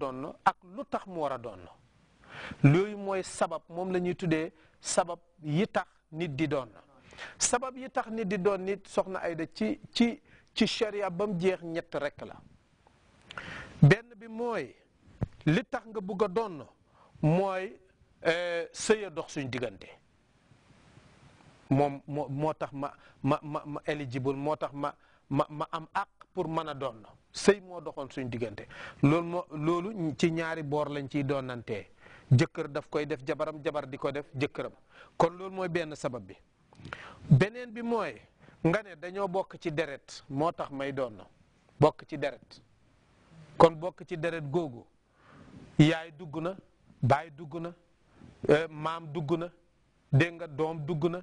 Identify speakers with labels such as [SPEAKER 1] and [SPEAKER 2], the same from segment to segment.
[SPEAKER 1] donn ak lu tax mu war a donn loolu mooy sabab moom la ñuy tuddee sabab yi tax nit di doon sabab yi tax nit di doon nit soxna Ayda ci ci ci sharia ba mu jeex ñett rekk la benn bi mooy li tax nga bugg a doon mooy euh, sëya dox suñ diggante moom moo moo tax ma ma ma ma moo tax ma ma ma am àq pour mën a doon sëy moo doxoon suñ diggante loolu moo loolu ci ñaari boor lañ ciy doonantee jëkkër daf koy def jabaram jabar di ko def jëkkëram kon loolu mooy benn sabab bi beneen bi mooy nga ne dañoo bokk ci deret moo tax may doon na bokk ci deret kon bokk ci deret googu yaay dugg na baay dugg na euh, maam dugg na dégg nga doom dugg na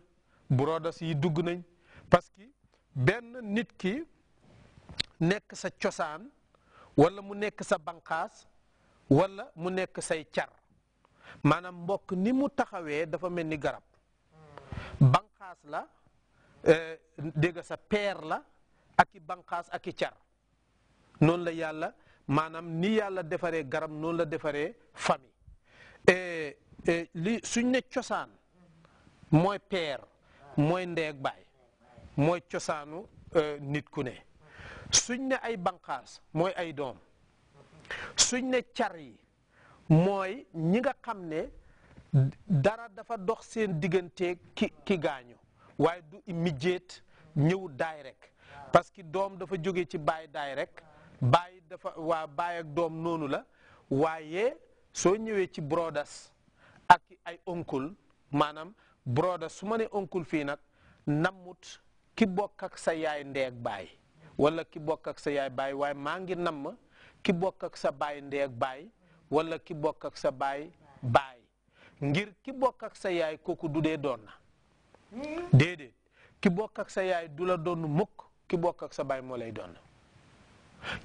[SPEAKER 1] brodas yi dugg nañ parce que benn nit ki nekk sa cosaan wala mu nekk sa banqaas wala mu nekk say car maanaam mbokk ni mu taxawee dafa mel ni garab banqaas la eh, dégg sa peer la ak i banqaas ak i car noonu la yàlla maanaam ni yàlla defaree garab noonu la defaree famille eh, eh, li suñ ne cosaan mooy peer mooy ndeeg baay mooy cosaanu nit ku ne suñ ne ay banqaas mooy ay doom suñ ne car yi mooy ñi nga xam ne dara dafa dox seen diggante ki gaañu waaye du mijjeet ñëw daay rek parce que doom dafa jóge ci baay daay rek baay dafa waa baay ak doom noonu la waaye soo ñëwee ci brodas ak ay oncle maanaam brodas su ma ne oncle fii nag namut ki bokk ak sa yaay ak baay wala ki bokk ak sa yaay baay waaye maa ngi namm ki bokk ak sa baay ndey ak baay wala ki bokk ak sa baay baay ngir ki bokk ak sa yaay kooku du dee doon na déedéet ki bokk ak sa yaay du la doon mukk ki bokk ak sa baay moo lay doon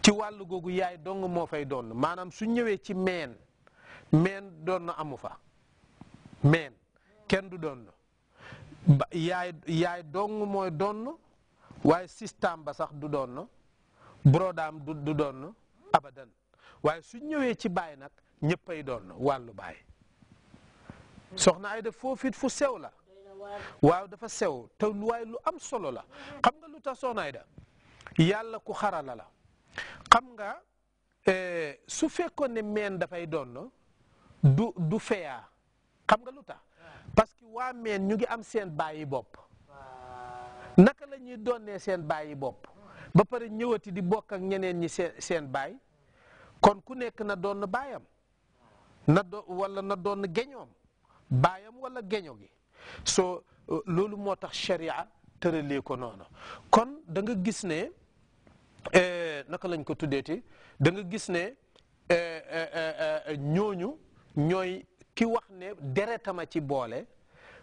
[SPEAKER 1] ci wàll googu yaay dong moo fay doon maanaam su ñëwee ci meen meen doon na amu fa meen kenn du doon yaay yaay dong mooy doon waaye système ba sax du doon brodaam du du doon abadan waaye su ñëwee ci baay nag ñëppay doon wàllu baay soxna ay def foofu fu sew la waaw dafa sew te waaye lu am solo la xam nga lu tax soxna ay da yàlla ku xarala la xam nga eh, su fekkoon ne meen dafay doon du du feyaa xam nga lu tax parce que waa meen ñu ngi am seen bàyyi bopp naka la ñuy doonee seen yi bopp ba pare ñëwati di bokk ak ñeneen ñi seen seen baay kon ku nekk na doon baayam na do wala na doon geñoom baayam wala geño gi soo uh, loolu moo tax sharia tëralee ko noonu kon da nga gis ne eh, naka lañ ko tuddeeti da nga gis ne eh, eh, ñooñu ñooy ki wax ne deretama ci boole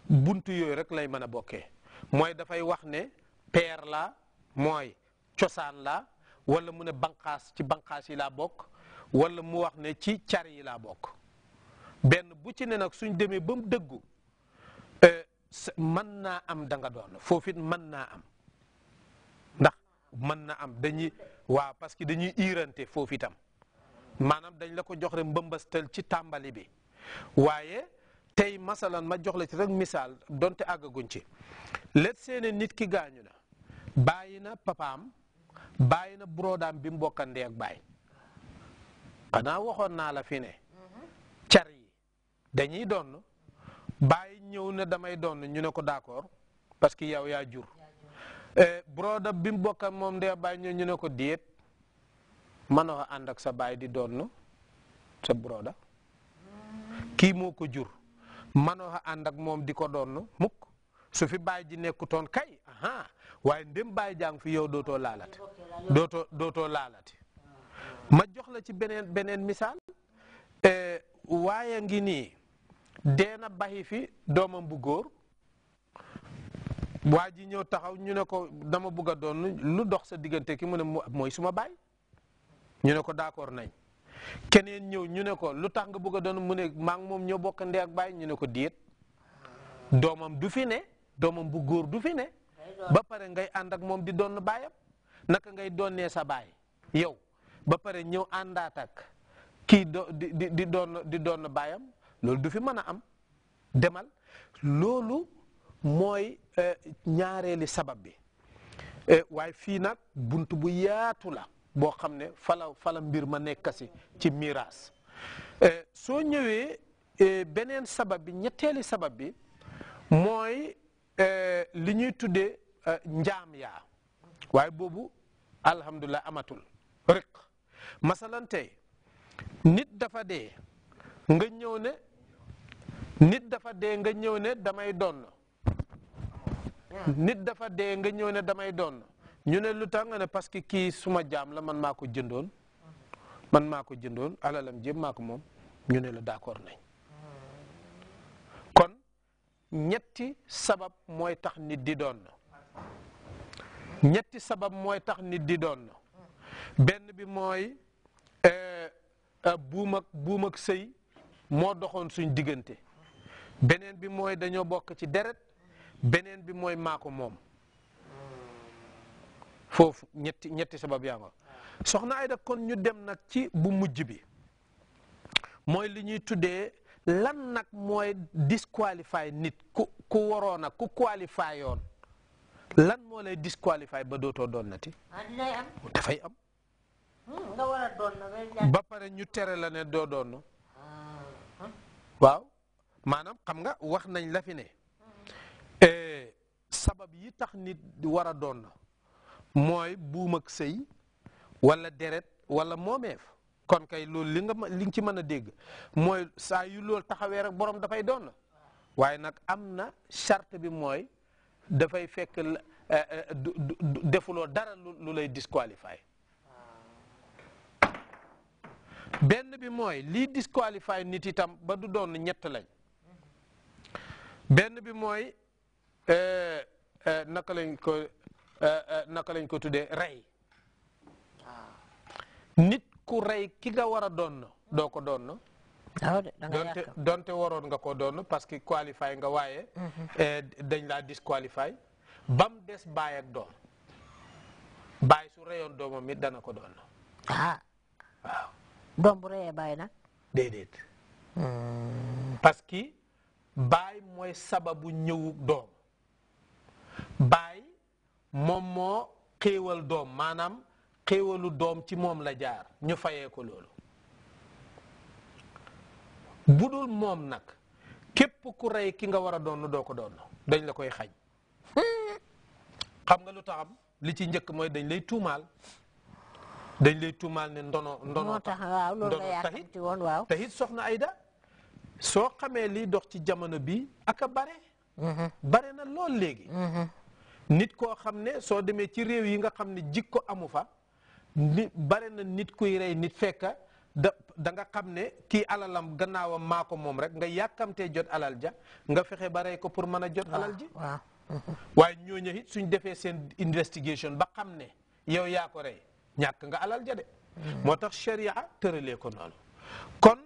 [SPEAKER 1] bunt yooyu rek lay mën a bokkee mooy dafay wax ne peer la mooy cosaan la wala mu ne banqaas ci banqaas yi laa bokk wala mu wax ne ci car yi laa bokk benn bu ci ne nag suñ demee ba mu dëggu euh, mën naa am da nga doon foofu it mën naa am ndax mën na am dañuy waaw parce que dañuy iirante foofu itam maanaam dañ la ko jox rek mbëmbastal ci tàmbali bi waaye tey masalan ma jox la ci rek misaal donte àggaguñ ci let seene nit ki gaañu na bàyyi na papaam bàyyi na brodaam bi mu bokkandee ak bàyyi xanaa waxoon naa la fi ne car yi dañuy donn bàyyi ñëw na damay donn ñu ne ko d'accord parce que yow yaa jur e, broda bi mu moom ndee bàyyi ñu ne ko déet mënoo ànd ak sa bàyyi di donn sa broda kii moo ko jur manoo xa ànd ak moom di ko doon mukk su fi baay ji nekkutoon kay aha waaye ndem baay jàng fi yow dootoo laalati dooto dootoo laalati ma jox la ci beneen beneen misaal eh, waaye ngi nii deena baxi fi doomam bu góor waa ji ñëw taxaw ñu ne ko dama bugg a doon lu dox sa diggante ki mu ne mooy suma baay ñu ne ko d'accord nañ keneen ñëw ñu ne ko lu tax nga bëgg a doon mu ne maa moom ñoo bokk ak baay ñu ne ko déet doomam du fi ne doomam bu góor du fi ne ba pare ngay ànd ak moom di doon baayam naka ngay doonee sa baay yow ba pare ñëw àndaat ak kii do di doon di doon baayam loolu du fi mën a am demal loolu mooy euh, ñaareeli sabab bi euh, waaye fii nag bunt bu yaatu la boo xam ne fala fala mbir ma si ci miraas eh, soo ñëwee eh, beneen sabab bi ñetteeli sabab bi mooy eh, li ñuy tuddee njaam yaa waaye boobu alhamdulilah amatul rek masalan tey nit dafa dee nga ñëw ne nit dafa dee nga ñëw ne damay doon nit dafa dee nga ñëw ne damay doon ñu ne lu tax nga ne parce que kii suma jaam la man maa ko jëndoon man maa ko jëndoon alalam jéem maa moom ñu ne la d'accord nañ kon ñetti sabab mooy tax nit di doon ñetti sabab mooy tax nit di doon na benn bi mooy eh, eh, buum ak buum moo doxoon suñ diggante beneen bi mooy dañoo bokk ci deret beneen bi mooy maako moom foofu ñetti ñetti sabab yaa nga soxna Ayda kon ñu dem nag ci bu mujj bi mooy li ñuy tuddee lan nag mooy disqualify nit ku ku waroon a ku qualify yoon lan moo lay disqualify ba dootoo doon nati ah, dafay am hmm, ba pare ñu tere la ne doo doon ah, ah. waaw maanaam xam nga wax nañ la fi ne hmm. eh, sabab yi tax nit war doon na mooy buum ak sëy wala deret wala moomeef kon kay loolu li nga li nga ci mën a dégg mooy saa yu loolu taxawee rek boroom dafay doon waaye nag am na charte bi mooy dafay fekk eh, eh, defuloo dara lu lay disqualifié benn bi mooy lii disqualifié nit itam ba du doon ñett lañ benn bi mooy eh, naka lañ ko Euh, euh, naka lañ ko tuddee rey nit ku rey ki nga war a doon doo ko doon ah, donte donte waroon nga ko doon parce que qualifié nga waaye mhm. eh, dañ laa disqualifié bam des baay ak doom baay su reyoon doomam it dana ko doon ah doom bu reyee baay nag déedéet hmm. parce que baay mooy sababu ñëwu doom baay moom moo xéewal doom maanaam xéewalu doom ci moom la jaar ñu fayee ko loolu bu dul moom nag képp ku rey ki nga war a doon doo ko doon dañ la koy xaj xam nga lu taxam li ci njëkk mooy dañ lay tuumaal dañ lay tuumaal ne ndono ndono waaw loolu la yàkkamti taxit soxna Ayda soo xamee liy dox ci jamono bi ak a bare mhm. bare na lool léegi mhm. nit koo xam ne soo demee ci réew yi nga xam ne jikko amu fa ni bare na nit kuy rey nit fekka da da nga xam ne kii alalam gannaawam maa ko moom rek nga yàkkamtee jot alal ja nga fexe ba rey ko pour mën a jot alal ji waaye ñooñu it suñ defee seen investigation ba xam ne yow yaa ko rey ñàkk nga alal ja de hmm. moo tax sharia tëralee ko noonu kon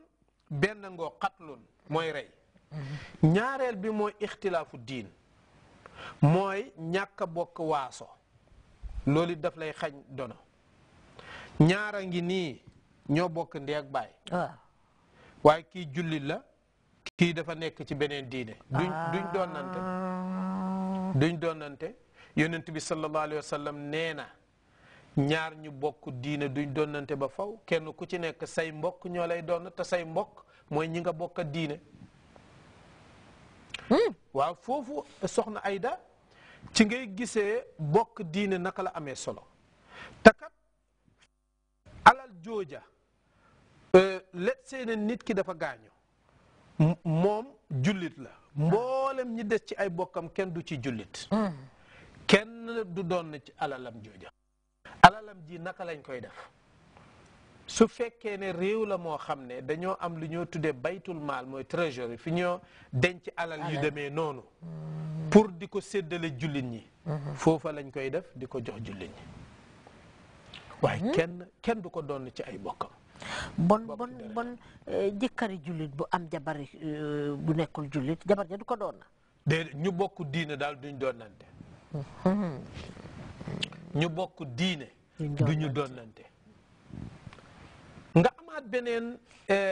[SPEAKER 1] benn ngoo xatlun mooy rey hmm. ñaareel bi mooy ixtilaafu diin mooy ñàkk a bokk waaso loolu daf lay xañ dono ñaara ngi nii ñoo bokk ndey ak baay waaye kii jullit la kii dafa nekk ci beneen diine duñ ah. duñ doonante duñ doonante yonent bi sallallahu alayhi wa nee na ñaar ñu bokk diine duñ doonante ba faw kenn ku ci nekk say mbokk ñoo lay doon te say mbokk mooy ñi nga bokk diine hmm. waaw foofu soxna Ayda ci ngay gisee bokk diine naka la amee solo te alal jooja euh, let seene nit ki dafa gaañu moom jullit la mboolem ñi des ci ay bokkam kenn du ci jullit mm. kenn du doon ci alalam jooja alalam jii naka lañ koy def su fekkee ne réew la moo xam ne dañoo am lu ñoo tuddee baytul maal mooy trésor fi ñoo denc alal yu demee noonu pour di ko séddale jullit ñi mhm. foofa lañ koy def di ko jox jullit ñi waaye mhm. kenn kenn du ko doon ci ay bokkam bon bon bon euh, jëkkari jullit bu am jabari euh, bu nekkul jullit jabar ja du ko doon na ñu bokk diine daal duñ doonante mhm. ñu bokk diine duñu doonante had been in uh,